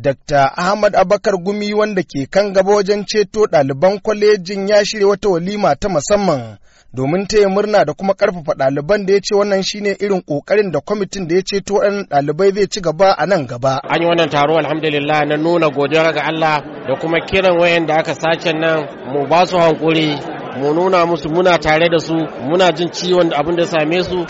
Dr. Ahmad Abakar Gumi wanda ke kan gaba wajen ceto ɗaliban kwalejin ya shirya wata walima ta musamman domin ta yi murna da kuma ƙarfafa ɗaliban da ya ce wannan shine irin ƙoƙarin da kwamitin da ya ceto waɗannan ɗalibai zai ci gaba a nan gaba. An yi wannan taro alhamdulillah na nuna godiya ga Allah da kuma kiran wayan da aka sace nan mu ba su hankuri mu nuna musu muna tare da su muna jin ciwon abin da same su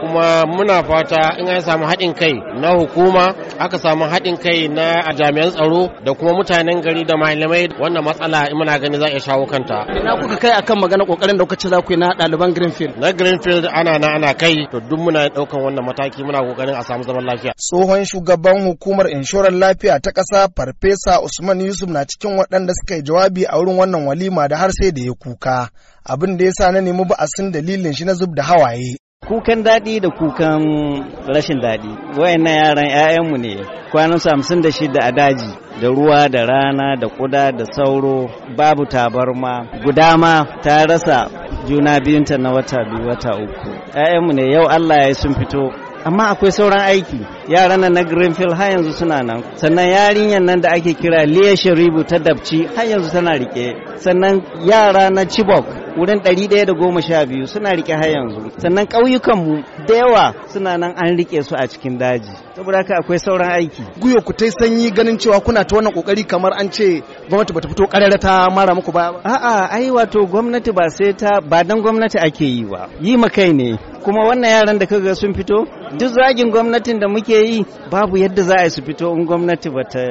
kuma muna fata in an samu haɗin kai na hukuma aka samu haɗin kai na jami'an tsaro da kuma mutanen gari da malamai wannan matsala in muna gani za a shawo kanta. Na kuka kai akan magana kokarin da ce za ku yi na ɗaliban Greenfield. Na Greenfield ana na ana kai to duk muna ɗaukan wannan mataki muna kokarin a samu zaman lafiya. Tsohon shugaban hukumar inshorar lafiya ta ƙasa Farfesa Usman Yusuf na cikin waɗanda suka yi jawabi a wurin wannan walima da har sai da ya kuka. Abin da ya sa na nemi ba'asin dalilin shi na zub da hawaye. kukan daɗi da kukan rashin daɗi wayanna yaran ƴaƴanmu ne kwanan hamsin da shida a daji da ruwa da rana da kuda da sauro babu tabarma guda ma ta rasa juna biyunta na wata biyu wata uku ƴaƴanmu ne yau allah ya sun fito amma akwai sauran aiki yaran nan na greenfield har yanzu suna nan sannan yarinyar nan da ake kira liya sharibu ta dabci har yanzu tana rike sannan yara na chibok wurin 112 suna rike har yanzu sannan mu da yawa suna nan an rike su a cikin daji saboda haka akwai sauran aiki guyo ku tai sanyi ganin cewa kuna ta wannan kokari kamar an ce gwamnati bata fito karara ta mara muku ba a'a ai wato gwamnati ba sai ta ba dan gwamnati ake yi ba yi makai ne kuma wannan yaran da kaga sun fito duk zagin gwamnatin da muke yi babu yadda za a su fito in gwamnati bata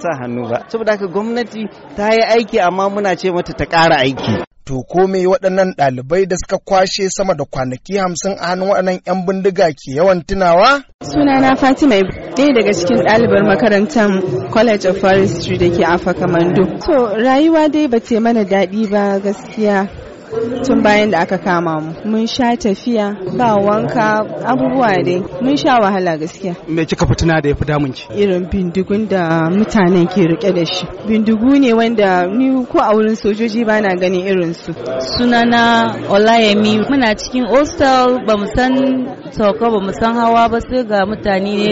sa hannu ba saboda haka gwamnati ta yi aiki amma muna ce mata ta ƙara aiki To kome waɗannan ɗalibai da suka kwashe sama da kwanaki hamsin a hannun waɗannan 'yan bindiga ke yawan tunawa? Sunana Fatima ɗaya daga cikin ɗalibar makarantar College of Forestry da ke Afa Kamando. To rayuwa dai ba mana daɗi ba gaskiya. tun bayan da aka kama mu mun sha tafiya ba wanka abubuwa dai mun sha wahala gaskiya me kika fitina da ya fi damun ki irin bindigun da mutanen ke rike da shi bindigu ne wanda ni ko a wurin sojoji ba na ganin irin su sunana olayemi muna cikin hostel ba mu san sauka ba san hawa ba sai ga mutane ne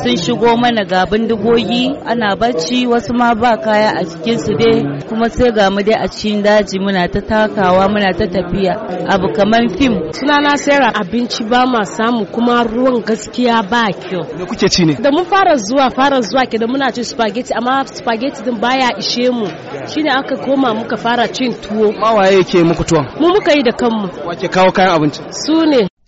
sun shigo mana ga bindigogi ana bacci wasu ma ba kaya a cikin su dai kuma sai ga mu dai a cikin daji muna ta takawa muna ta tafiya abu kaman fim sunana sera abinci ba ma samu kuma ruwan gaskiya ba kyau me kuke ci ne da mun fara zuwa fara zuwa ke da muna ci spaghetti amma spaghetti din baya ishe mu shine aka koma muka fara cin tuwo ma waye yake muku tuwon mu muka yi da kanmu wace kawo kayan abinci su ne